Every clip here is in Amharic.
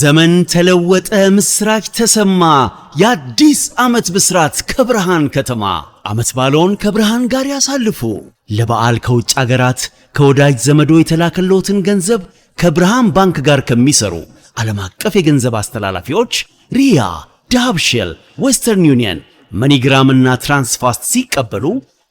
ዘመን ተለወጠ፣ ምስራች ተሰማ፣ የአዲስ ዓመት ብስራት ከብርሃን ከተማ። ዓመት ባለውን ከብርሃን ጋር ያሳልፉ። ለበዓል ከውጭ አገራት ከወዳጅ ዘመዶ የተላከለዎትን ገንዘብ ከብርሃን ባንክ ጋር ከሚሰሩ ዓለም አቀፍ የገንዘብ አስተላላፊዎች ሪያ፣ ዳብሽል ዌስተርን ዩኒየን፣ መኒግራም እና ትራንስፋስት ሲቀበሉ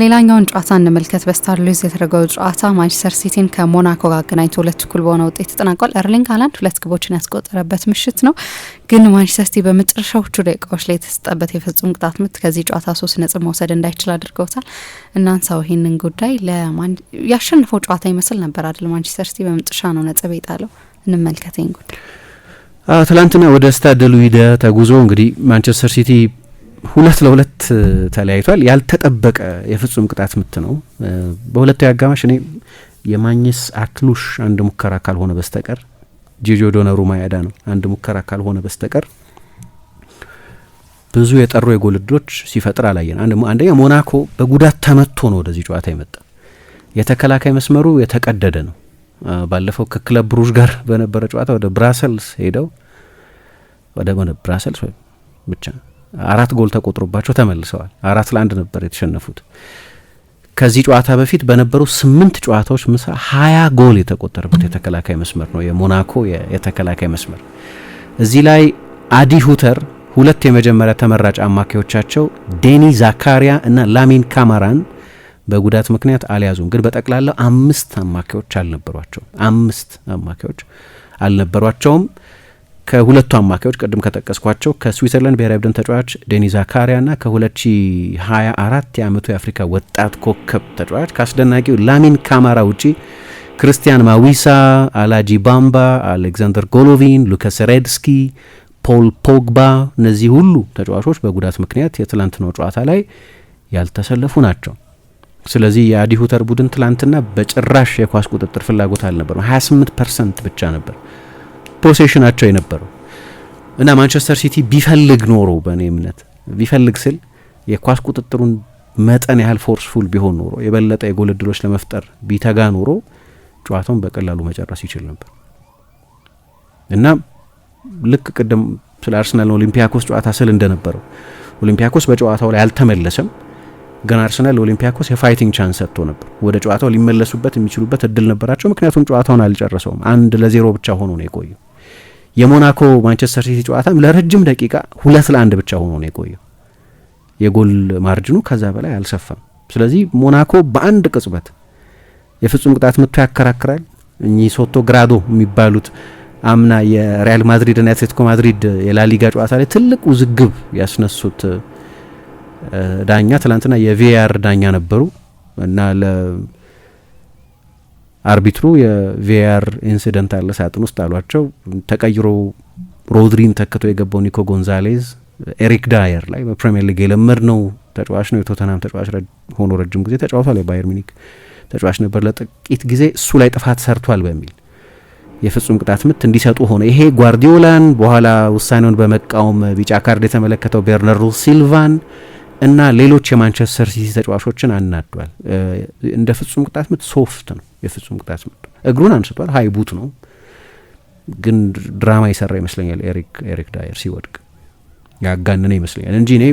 ሌላኛውን ጨዋታ እንመልከት። በስታር ሉዝ የተደረገው ጨዋታ ማንቸስተር ሲቲን ከሞናኮ ጋር አገናኝቶ ሁለት እኩል በሆነ ውጤት ተጠናቋል። ኤርሊንግ ሃላንድ ሁለት ግቦችን ያስቆጠረበት ምሽት ነው። ግን ማንቸስተር ሲቲ በመጨረሻዎቹ ደቂቃዎች ላይ የተሰጠበት የፍጹም ቅጣት ምት ከዚህ ጨዋታ ሶስት ነጥብ መውሰድ እንዳይችል አድርገውታል። እናንሳው ይህንን ጉዳይ። ያሸነፈው ጨዋታ ይመስል ነበር አይደል? ማንቸስተር ሲቲ በመጨረሻ ነው ነጥብ የጣለው። እንመልከት ይህን ጉዳይ። ትላንትና ወደ ስታድ ሉዊደ ተጉዞ እንግዲህ ማንቸስተር ሲቲ ሁለት ለሁለት ተለያይቷል። ያልተጠበቀ የፍጹም ቅጣት ምት ነው። በሁለተኛው አጋማሽ እኔ የማኝስ አክሉሽ አንድ ሙከራ ካልሆነ በስተቀር ጂጆ ዶናሩማ ያዳ ነው አንድ ሙከራ ካልሆነ በስተቀር ብዙ የጠሩ የጎል እድሎች ሲፈጥር አላየን። አንደኛ ሞናኮ በጉዳት ተመቶ ነው ወደዚህ ጨዋታ የመጣ የተከላካይ መስመሩ የተቀደደ ነው። ባለፈው ከክለብ ብሩዥ ጋር በነበረ ጨዋታ ወደ ብራሰልስ ሄደው ወደ ብራሰልስ ወይም ብቻ አራት ጎል ተቆጥሮባቸው ተመልሰዋል። አራት ለአንድ ነበር የተሸነፉት። ከዚህ ጨዋታ በፊት በነበሩ ስምንት ጨዋታዎች ምስ ሀያ ጎል የተቆጠረበት የተከላካይ መስመር ነው የሞናኮ የተከላካይ መስመር። እዚህ ላይ አዲ ሁተር ሁለት የመጀመሪያ ተመራጭ አማካዮቻቸው ዴኒ ዛካሪያ እና ላሚን ካማራን በጉዳት ምክንያት አልያዙም። ግን በጠቅላላው አምስት አማካዮች አልነበሯቸውም። አምስት አማካዮች አልነበሯቸውም። ከሁለቱ አማካዮች ቅድም ከጠቀስኳቸው ከስዊትዘርላንድ ብሔራዊ ቡድን ተጫዋች ዛካሪያ ና ከ2024 የአመቱ የአፍሪካ ወጣት ኮከብ ተጫዋች ከአስደናቂው ላሚን ካማራ ውጪ ክርስቲያን ማዊሳ፣ አላጂ ባምባ፣ አሌክዛንደር ጎሎቪን፣ ሉካስ ሬድስኪ፣ ፖል ፖግባ እነዚህ ሁሉ ተጫዋቾች በጉዳት ምክንያት የትላንትናው ጨዋታ ላይ ያልተሰለፉ ናቸው። ስለዚህ የአዲሁተር ቡድን ትላንትና በጭራሽ የኳስ ቁጥጥር ፍላጎት አልነበረም። 28 ፐርሰንት ብቻ ነበር። ፖሴሽናቸው የነበረው እና ማንቸስተር ሲቲ ቢፈልግ ኖሮ በእኔ እምነት ቢፈልግ ስል የኳስ ቁጥጥሩን መጠን ያህል ፎርስፉል ቢሆን ኖሮ የበለጠ የጎል እድሎች ለመፍጠር ቢተጋ ኖሮ ጨዋታውን በቀላሉ መጨረስ ይችል ነበር እና ልክ ቅድም ስለ አርሰናል ኦሊምፒያኮስ ጨዋታ ስል እንደነበረው ኦሊምፒያኮስ በጨዋታው ላይ አልተመለሰም። ግን አርሰናል ኦሊምፒያኮስ የፋይቲንግ ቻንስ ሰጥቶ ነበር። ወደ ጨዋታው ሊመለሱበት የሚችሉበት እድል ነበራቸው። ምክንያቱም ጨዋታውን አልጨረሰውም። አንድ ለዜሮ ብቻ ሆኖ ነው የቆየው። የሞናኮ ማንቸስተር ሲቲ ጨዋታም ለረጅም ደቂቃ ሁለት ለአንድ ብቻ ሆኖ ነው የቆየው። የጎል ማርጅኑ ከዛ በላይ አልሰፋም። ስለዚህ ሞናኮ በአንድ ቅጽበት የፍጹም ቅጣት ምቶ ያከራክራል። እኚህ ሶቶ ግራዶ የሚባሉት አምና የሪያል ማድሪድና የአትሌቲኮ ማድሪድ የላሊጋ ጨዋታ ላይ ትልቅ ውዝግብ ያስነሱት ዳኛ ትናንትና የቪኤአር ዳኛ ነበሩ እና አርቢትሩ የቪአር ኢንሲደንት አለ ሳጥን ውስጥ አሏቸው። ተቀይሮ ሮድሪን ተክቶ የገባው ኒኮ ጎንዛሌዝ ኤሪክ ዳየር ላይ በፕሪሚየር ሊግ የለመድ ነው ተጫዋች ነው። የቶተናም ተጫዋች ሆኖ ረጅም ጊዜ ተጫውቷል። የባየር ሚኒክ ተጫዋች ነበር ለጥቂት ጊዜ። እሱ ላይ ጥፋት ሰርቷል በሚል የፍጹም ቅጣት ምት እንዲሰጡ ሆነ። ይሄ ጓርዲዮላን በኋላ ውሳኔውን በመቃወም ቢጫ ካርድ የተመለከተው ቤርናርዶ ሲልቫን እና ሌሎች የማንቸስተር ሲቲ ተጫዋቾችን አናዷል። እንደ ፍጹም ቅጣት ምት ሶፍት ነው የፍጹም ቅጣት ምት እግሩን አንስቷል። ሀይ ቡት ነው ግን ድራማ የሰራ ይመስለኛል። ኤሪክ ኤሪክ ዳየር ሲወድቅ ያጋነነ ይመስለኛል እንጂ እኔ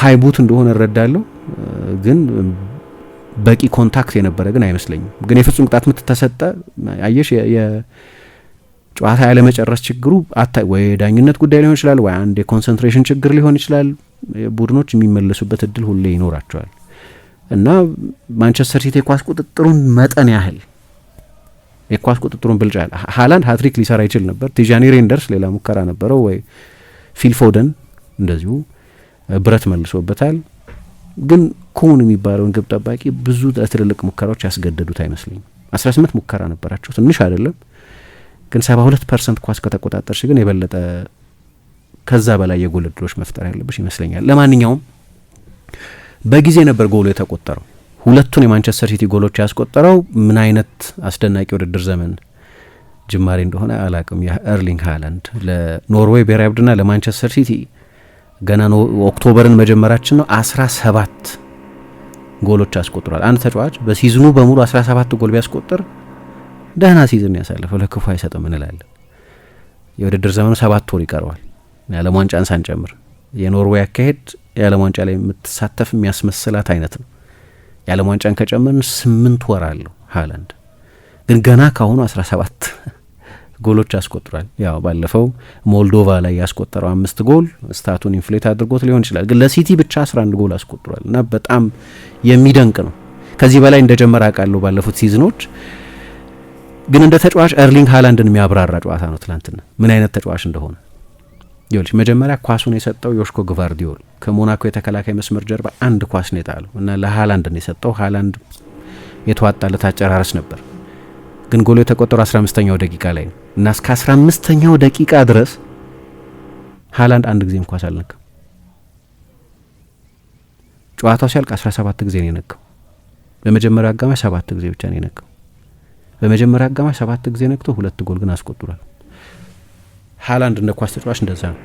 ሀይ ቡት እንደሆነ እረዳለሁ። ግን በቂ ኮንታክት የነበረ ግን አይመስለኝም። ግን የፍጹም ቅጣት ምት ተሰጠ። አየሽ ጨዋታ ያለመጨረስ ችግሩ ወይ ዳኝነት ጉዳይ ሊሆን ይችላል፣ ወይ አንድ የኮንሰንትሬሽን ችግር ሊሆን ይችላል። ቡድኖች የሚመለሱበት እድል ሁሌ ይኖራቸዋል እና ማንቸስተር ሲቲ የኳስ ቁጥጥሩን መጠን ያህል የኳስ ቁጥጥሩን ብልጫ ያህል ሀላንድ ሀትሪክ ሊሰራ ይችል ነበር። ቲዣኒ ሬንደርስ ሌላ ሙከራ ነበረው ወይ ፊልፎደን እንደዚሁ ብረት መልሶበታል። ግን ኩን የሚባለውን ግብ ጠባቂ ብዙ ትልልቅ ሙከራዎች ያስገደዱት አይመስለኝም። 18 ሙከራ ነበራቸው፣ ትንሽ አይደለም። ግን ሁለት ፐርሰንት ኳስ ከተቆጣጠርሽ ግን የበለጠ ከዛ በላይ የጎል እድሎች መፍጠር ያለብሽ ይመስለኛል። ለማንኛውም በጊዜ ነበር ጎሉ የተቆጠረው። ሁለቱን የማንቸስተር ሲቲ ጎሎች ያስቆጠረው ምን አይነት አስደናቂ ውድድር ዘመን ጅማሬ እንደሆነ አላቅም። የኤርሊንግ ሃላንድ ለኖርዌይ ብሔራዊ ቡድንና ለማንቸስተር ሲቲ ገና ኦክቶበርን መጀመራችን ነው። 17 ጎሎች አስቆጥሯል። አንድ ተጫዋች በሲዝኑ በሙሉ 17 ጎል ቢያስቆጥር ደህና ሲዝን ያሳልፈው፣ ለክፉ አይሰጥም እንላለን። የውድድር ዘመኑ ሰባት ወር ይቀረዋል። የዓለም ዋንጫን ሳንጨምር የኖርዌይ አካሄድ የዓለም ዋንጫ ላይ የምትሳተፍ የሚያስመስላት አይነት ነው። የዓለም ዋንጫን ከጨመርን ስምንት ወር አለው ሀላንድ ግን ገና ካሁኑ አስራ ሰባት ጎሎች ያስቆጥሯል። ያው ባለፈው ሞልዶቫ ላይ ያስቆጠረው አምስት ጎል ስታቱን ኢንፍሌት አድርጎት ሊሆን ይችላል። ግን ለሲቲ ብቻ አንድ ጎል አስቆጥሯል እና በጣም የሚደንቅ ነው። ከዚህ በላይ እንደጀመረ አውቃለሁ ባለፉት ሲዝኖች። ግን እንደ ተጫዋች ኤርሊንግ ሃላንድን የሚያብራራ ጨዋታ ነው ትናንትና ምን አይነት ተጫዋች እንደሆነ ይኸውልሽ መጀመሪያ ኳሱን የሰጠው ዮሽኮ ግቫርዲዮል ከሞናኮ የተከላካይ መስመር ጀርባ አንድ ኳስ ነው የጣለው እና ለሃላንድ ነው የሰጠው። ሃላንድ የተዋጣለት አጨራረስ ነበር፣ ግን ጎሎ የተቆጠሩ 15ኛው ደቂቃ ላይ ነው እና እስከ 15ኛው ደቂቃ ድረስ ሃላንድ አንድ ጊዜም ኳስ አልነካም። ጨዋታው ሲያልቅ 17 ጊዜ ነው የነካው። በመጀመሪያ አጋማሽ ሰባት ጊዜ ብቻ ነው የነካው። በመጀመሪያ አጋማሽ ሰባት ጊዜ ነክቶ ሁለት ጎል ግን አስቆጥሯል። ሀላንድ እንደ ኳስ ተጫዋች እንደዛ ነው።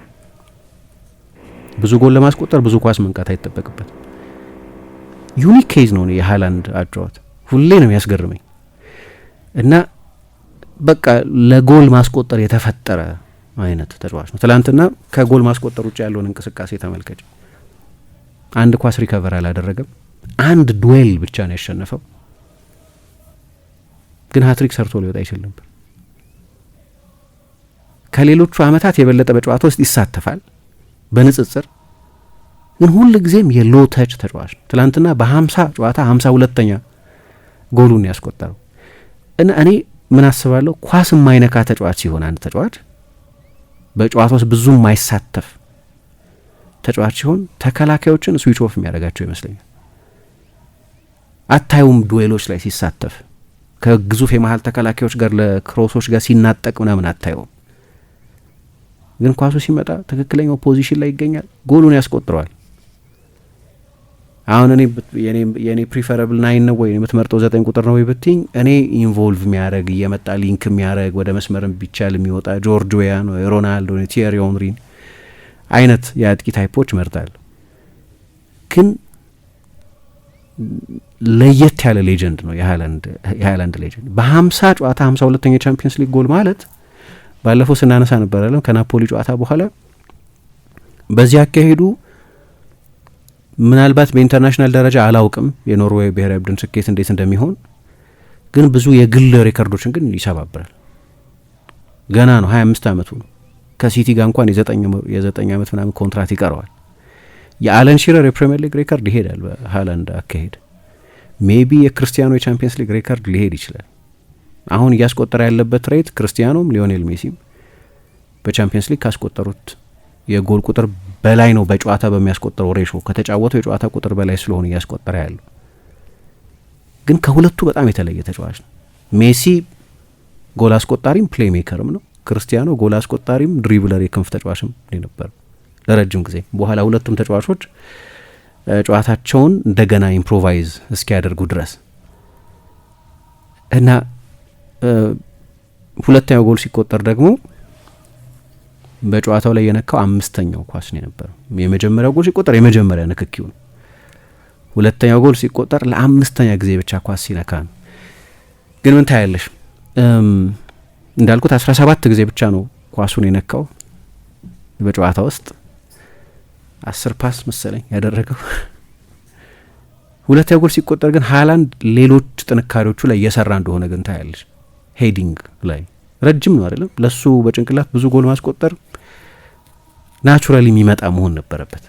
ብዙ ጎል ለማስቆጠር ብዙ ኳስ መንቃት አይጠበቅበት። ዩኒክ ኬዝ ነው የሀላንድ አጫዋት፣ ሁሌ ነው ያስገርመኝ እና በቃ ለጎል ማስቆጠር የተፈጠረ አይነት ተጫዋች ነው። ትላንትና ከጎል ማስቆጠር ውጭ ያለውን እንቅስቃሴ ተመልከች። አንድ ኳስ ሪከቨር አላደረገም። አንድ ዱዌል ብቻ ነው ያሸነፈው፣ ግን ሀትሪክ ሰርቶ ሊወጣ አይችል ነበር። ከሌሎቹ አመታት የበለጠ በጨዋታ ውስጥ ይሳተፋል በንጽጽር ግን ሁል ጊዜም የሎተች ተጫዋች ነው። ትላንትና በሀምሳ ጨዋታ ሀምሳ ሁለተኛ ጎሉን ያስቆጠረው እና እኔ ምን አስባለሁ ኳስ የማይነካ ተጫዋች ሲሆን አንድ ተጫዋች በጨዋታ ውስጥ ብዙ የማይሳተፍ ተጫዋች ሲሆን ተከላካዮችን ስዊች ኦፍ የሚያደርጋቸው ይመስለኛል። አታዩም ዱዌሎች ላይ ሲሳተፍ ከግዙፍ የመሀል ተከላካዮች ጋር ለክሮሶች ጋር ሲናጠቅ ምናምን አታዩም። ግን ኳሱ ሲመጣ ትክክለኛው ፖዚሽን ላይ ይገኛል፣ ጎሉን ያስቆጥረዋል። አሁን እኔ የእኔ ፕሪፈረብል ናይን ነው ወይ የምትመርጠው ዘጠኝ ቁጥር ነው ወይ ብትኝ እኔ ኢንቮልቭ የሚያደረግ እየመጣ ሊንክ የሚያደረግ ወደ መስመርም ቢቻል የሚወጣ ጆርጅ ዌያን፣ ሮናልዶ፣ ቲየሪ ኦንሪን አይነት የአጥቂ ታይፖች መርጣለሁ። ግን ለየት ያለ ሌጀንድ ነው የሃላንድ ሌጀንድ በሀምሳ ጨዋታ ሀምሳ ሁለተኛ ቻምፒየንስ ሊግ ጎል ማለት ባለፈው ስናነሳ ነበር አለም ከናፖሊ ጨዋታ በኋላ በዚህ አካሄዱ ምናልባት በኢንተርናሽናል ደረጃ አላውቅም የኖርዌይ ብሔራዊ ቡድን ስኬት እንዴት እንደሚሆን ግን ብዙ የግል ሬከርዶችን ግን ይሰባብራል። ገና ነው፣ ሀያ አምስት ዓመቱ ነው። ከሲቲ ጋር እንኳን የዘጠኝ አመት ምናምን ኮንትራት ይቀረዋል። የአለን ሺረር የፕሪምየር ሊግ ሬከርድ ይሄዳል በሀላንድ አካሄድ። ሜቢ የክርስቲያኖ የቻምፒየንስ ሊግ ሬከርድ ሊሄድ ይችላል። አሁን እያስቆጠረ ያለበት ሬት ክርስቲያኖም ሊዮኔል ሜሲም በቻምፒየንስ ሊግ ካስቆጠሩት የጎል ቁጥር በላይ ነው። በጨዋታ በሚያስቆጠረው ሬሾ ከተጫወተው የጨዋታ ቁጥር በላይ ስለሆነ እያስቆጠረ ያሉ ግን ከሁለቱ በጣም የተለየ ተጫዋች ነው። ሜሲ ጎል አስቆጣሪም ፕሌ ሜከርም ነው። ክርስቲያኖ ጎል አስቆጣሪም ድሪብለር የክንፍ ተጫዋችም ነበር ለረጅም ጊዜ። በኋላ ሁለቱም ተጫዋቾች ጨዋታቸውን እንደገና ኢምፕሮቫይዝ እስኪያደርጉ ድረስ እና ሁለተኛው ጎል ሲቆጠር ደግሞ በጨዋታው ላይ የነካው አምስተኛው ኳስ ነው የነበረው። የመጀመሪያው ጎል ሲቆጠር የመጀመሪያ ንክኪው ነው። ሁለተኛው ጎል ሲቆጠር ለአምስተኛ ጊዜ ብቻ ኳስ ሲነካ ነው። ግን ምን ታያለሽ? እንዳልኩት አስራ ሰባት ጊዜ ብቻ ነው ኳሱን የነካው በጨዋታ ውስጥ አስር ፓስ መሰለኝ ያደረገው። ሁለተኛው ጎል ሲቆጠር ግን ሃላንድ ሌሎች ጥንካሬዎቹ ላይ እየሰራ እንደሆነ ግን ታያለሽ። ሄዲንግ ላይ ረጅም ነው አይደለም ለሱ በጭንቅላት ብዙ ጎል ማስቆጠር ናቹራሊ የሚመጣ መሆን ነበረበት።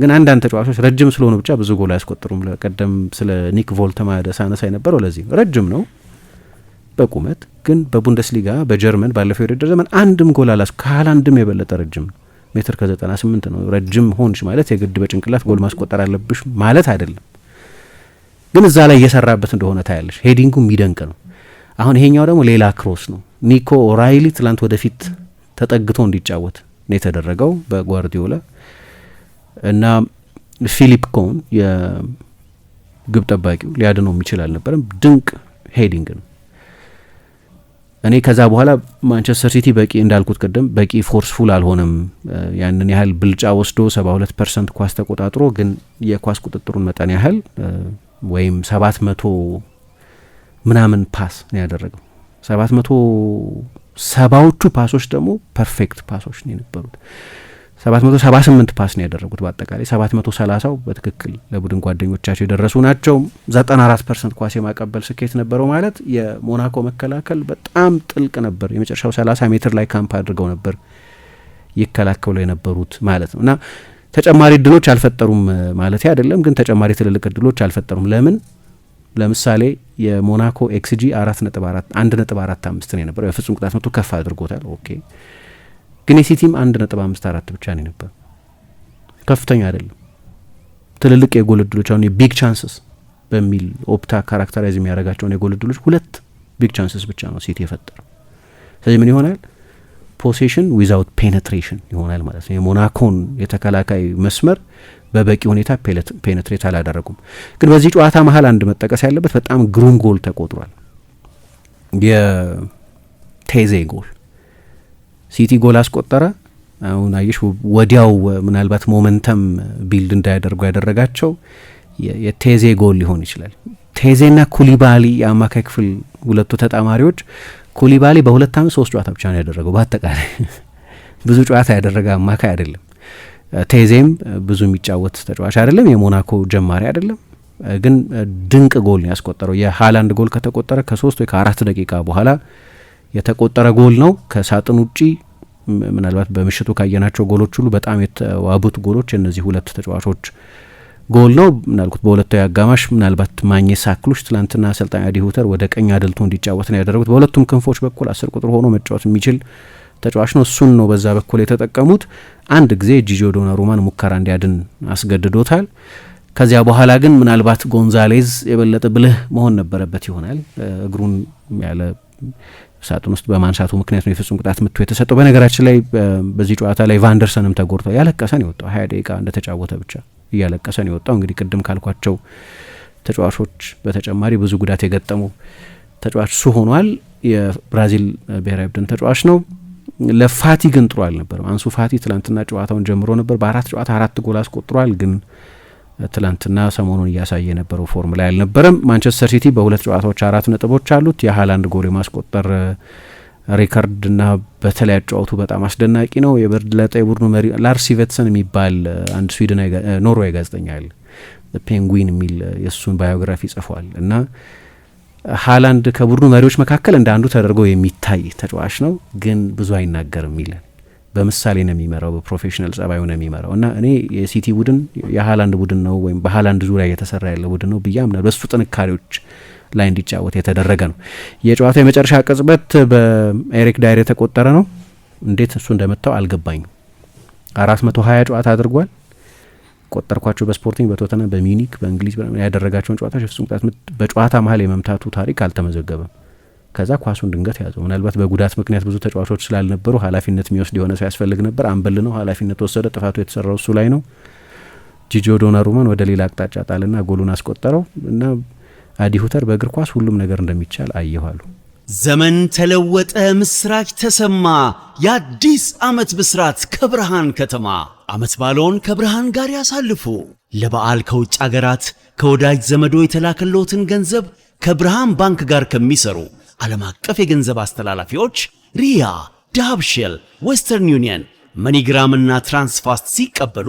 ግን አንዳንድ ተጫዋቾች ረጅም ስለሆኑ ብቻ ብዙ ጎል አያስቆጥሩም። ቀደም ስለ ኒክ ቮልተማደ ሳነሳ የነበረው ለዚህ ነው። ረጅም ነው በቁመት ግን በቡንደስሊጋ በጀርመን ባለፈው የውድድር ዘመን አንድም ጎል አላስ ከሃላንድም የበለጠ ረጅም ነው። ሜትር ከ ስምንት ነው። ረጅም ሆንሽ ማለት የግድ በጭንቅላት ጎል ማስቆጠር አለብሽ ማለት አይደለም። ግን እዛ ላይ እየሰራበት እንደሆነ ታያለሽ። ሄዲንጉ የሚደንቅ ነው። አሁን ይሄኛው ደግሞ ሌላ ክሮስ ነው። ኒኮ ኦራይሊ ትላንት ወደፊት ተጠግቶ እንዲጫወት ነው የተደረገው በጓርዲዮላ እና ፊሊፕ ኮን የግብ ጠባቂው ሊያድነው የሚችል አልነበረም። ድንቅ ሄዲንግ ነው። እኔ ከዛ በኋላ ማንቸስተር ሲቲ በቂ እንዳልኩት ቅድም በቂ ፎርስፉል አልሆነም። ያንን ያህል ብልጫ ወስዶ ሰባ ሁለት ፐርሰንት ኳስ ተቆጣጥሮ ግን የኳስ ቁጥጥሩን መጠን ያህል ወይም መቶ ምናምን ፓስ ነው ያደረገው መቶ ሰባዎቹ ፓሶች ደግሞ ፐርፌክት ፓሶች ነው የነበሩት። ሰባት መቶ ሰባ ስምንት ፓስ ነው ያደረጉት። በአጠቃላይ ሰባት መቶ ሰላሳው በትክክል ለቡድን ጓደኞቻቸው የደረሱ ናቸው። ዘጠና አራት ፐርሰንት ኳስ የማቀበል ስኬት ነበረው ማለት የሞናኮ መከላከል በጣም ጥልቅ ነበር። የመጨረሻው ሰላሳ ሜትር ላይ ካምፕ አድርገው ነበር ይከላከሉ የነበሩት ማለት ነው እና ተጨማሪ እድሎች አልፈጠሩም ማለት አይደለም፣ ግን ተጨማሪ ትልልቅ እድሎች አልፈጠሩም። ለምን ለምሳሌ የሞናኮ ኤክስጂ አራት ነጥብ አራት አንድ ነጥብ አራት አምስት ነው የነበረው። የፍጹም ቅጣት መቶ ከፍ አድርጎታል። ኦኬ ግን የሲቲም አንድ ነጥብ አምስት አራት ብቻ ነው የነበረ። ከፍተኛ አይደለም። ትልልቅ የጎል እድሎች አሁን የቢግ ቻንስስ በሚል ኦፕታ ካራክተራይዝ የሚያደርጋቸውን የጎል እድሎች ሁለት ቢግ ቻንስስ ብቻ ነው ሲቲ የፈጠረው። ስለዚህ ምን ይሆናል? ፖሴሽን ዊዛውት ፔኔትሬሽን ይሆናል ማለት ነው። የሞናኮን የተከላካይ መስመር በበቂ ሁኔታ ፔኔትሬት አላደረጉም። ግን በዚህ ጨዋታ መሀል አንድ መጠቀስ ያለበት በጣም ግሩም ጎል ተቆጥሯል። የቴዜ ጎል ሲቲ ጎል አስቆጠረ። አሁን አየሽ ወዲያው ምናልባት ሞመንተም ቢልድ እንዳያደርጉ ያደረጋቸው የቴዜ ጎል ሊሆን ይችላል። ቴዜና ኩሊባሊ የአማካይ ክፍል ሁለቱ ተጣማሪዎች፣ ኩሊባሊ በሁለት ዓመት ሶስት ጨዋታ ብቻ ነው ያደረገው። በአጠቃላይ ብዙ ጨዋታ ያደረገ አማካይ አይደለም። ቴዜም ብዙ የሚጫወት ተጫዋች አይደለም፣ የሞናኮ ጀማሪ አይደለም። ግን ድንቅ ጎል ያስቆጠረው። የሀላንድ ጎል ከተቆጠረ ከሶስት ወይ ከአራት ደቂቃ በኋላ የተቆጠረ ጎል ነው። ከሳጥን ውጪ ምናልባት በምሽቱ ካየናቸው ጎሎች ሁሉ በጣም የተዋቡት ጎሎች የእነዚህ ሁለት ተጫዋቾች ጎል ነው። ምናልኩት በሁለታዊ አጋማሽ ምናልባት ማግኘት ሳክሎች ትላንትና አሰልጣኝ አዲ ሁተር ወደ ቀኝ አድልቶ እንዲጫወት ነው ያደረጉት። በሁለቱም ክንፎች በኩል አስር ቁጥር ሆኖ መጫወት የሚችል ተጫዋች ነው። እሱን ነው በዛ በኩል የተጠቀሙት። አንድ ጊዜ ጂጆ ዶናሩማን ሙከራ እንዲያድን አስገድዶታል። ከዚያ በኋላ ግን ምናልባት ጎንዛሌዝ የበለጠ ብልህ መሆን ነበረበት ይሆናል። እግሩን ያለ ሳጥን ውስጥ በማንሳቱ ምክንያት ነው የፍጹም ቅጣት ምቱ የተሰጠው። በነገራችን ላይ በዚህ ጨዋታ ላይ ቫንደርሰንም ተጎድቷል። ያለቀሰን የወጣው ሀያ ደቂቃ እንደተጫወተ ብቻ እያለቀሰን የወጣው እንግዲህ ቅድም ካልኳቸው ተጫዋቾች በተጨማሪ ብዙ ጉዳት የገጠሙ ተጫዋች ሱ ሆኗል። የብራዚል ብሔራዊ ቡድን ተጫዋች ነው። ለፋቲ ግን ጥሩ አልነበረም። አንሱ ፋቲ ትላንትና ጨዋታውን ጀምሮ ነበር። በአራት ጨዋታ አራት ጎል አስቆጥሯል። ግን ትላንትና ሰሞኑን እያሳየ የነበረው ፎርም ላይ አልነበረም። ማንቸስተር ሲቲ በሁለት ጨዋታዎች አራት ነጥቦች አሉት። የሃላንድ ጎል የማስቆጠር ሪከርድና በተለይ ጨዋቱ በጣም አስደናቂ ነው። የበለጠ የቡድኑ መሪ ላርስ ሲቨትሰን የሚባል አንድ ስዊድን ኖርዌይ ጋዜጠኛ አለ ፔንጉዊን የሚል የእሱን ባዮግራፊ ጽፏል እና ሀላንድ ከቡድኑ መሪዎች መካከል እንደ አንዱ ተደርጎ የሚታይ ተጫዋች ነው፣ ግን ብዙ አይናገርም ይለን በምሳሌ ነው የሚመራው፣ በፕሮፌሽናል ጸባዩ ነው የሚመራው እና እኔ የሲቲ ቡድን የሀላንድ ቡድን ነው ወይም በሀላንድ ዙሪያ እየተሰራ ያለ ቡድን ነው ብዬ አምናለሁ። በሱ ጥንካሬዎች ላይ እንዲጫወት የተደረገ ነው። የጨዋታ የመጨረሻ ቅጽበት በኤሪክ ዳይር የተቆጠረ ነው። እንዴት እሱ እንደመታው አልገባኝም። አራት መቶ ሀያ ጨዋታ አድርጓል። ቆጠርኳቸው በስፖርቲንግ፣ በቶተና፣ በሚኒክ፣ በእንግሊዝ ያደረጋቸውን ጨዋታዎች የፍጹም ቅጣት ምት በጨዋታ መሀል የመምታቱ ታሪክ አልተመዘገበም። ከዛ ኳሱን ድንገት ያዘው። ምናልባት በጉዳት ምክንያት ብዙ ተጫዋቾች ስላልነበሩ ኃላፊነት የሚወስድ የሆነ ሰው ያስፈልግ ነበር። አንበል ነው ኃላፊነት ወሰደ። ጥፋቱ የተሰራው እሱ ላይ ነው። ጂጆ ዶናሩማን ወደ ሌላ አቅጣጫ ጣልና ጎሉን አስቆጠረው እና አዲ ሁተር በእግር ኳስ ሁሉም ነገር እንደሚቻል አየኋሉ። ዘመን ተለወጠ፣ ምስራች ተሰማ፣ የአዲስ ዓመት ብስራት ከብርሃን ከተማ። ዓመት ባለውን ከብርሃን ጋር ያሳልፉ። ለበዓል ከውጭ አገራት ከወዳጅ ዘመዶ የተላከሎትን ገንዘብ ከብርሃን ባንክ ጋር ከሚሰሩ ዓለም አቀፍ የገንዘብ አስተላላፊዎች ሪያ፣ ዳብሽል፣ ዌስተርን ዩኒየን፣ መኒግራም እና ትራንስፋስት ሲቀበሉ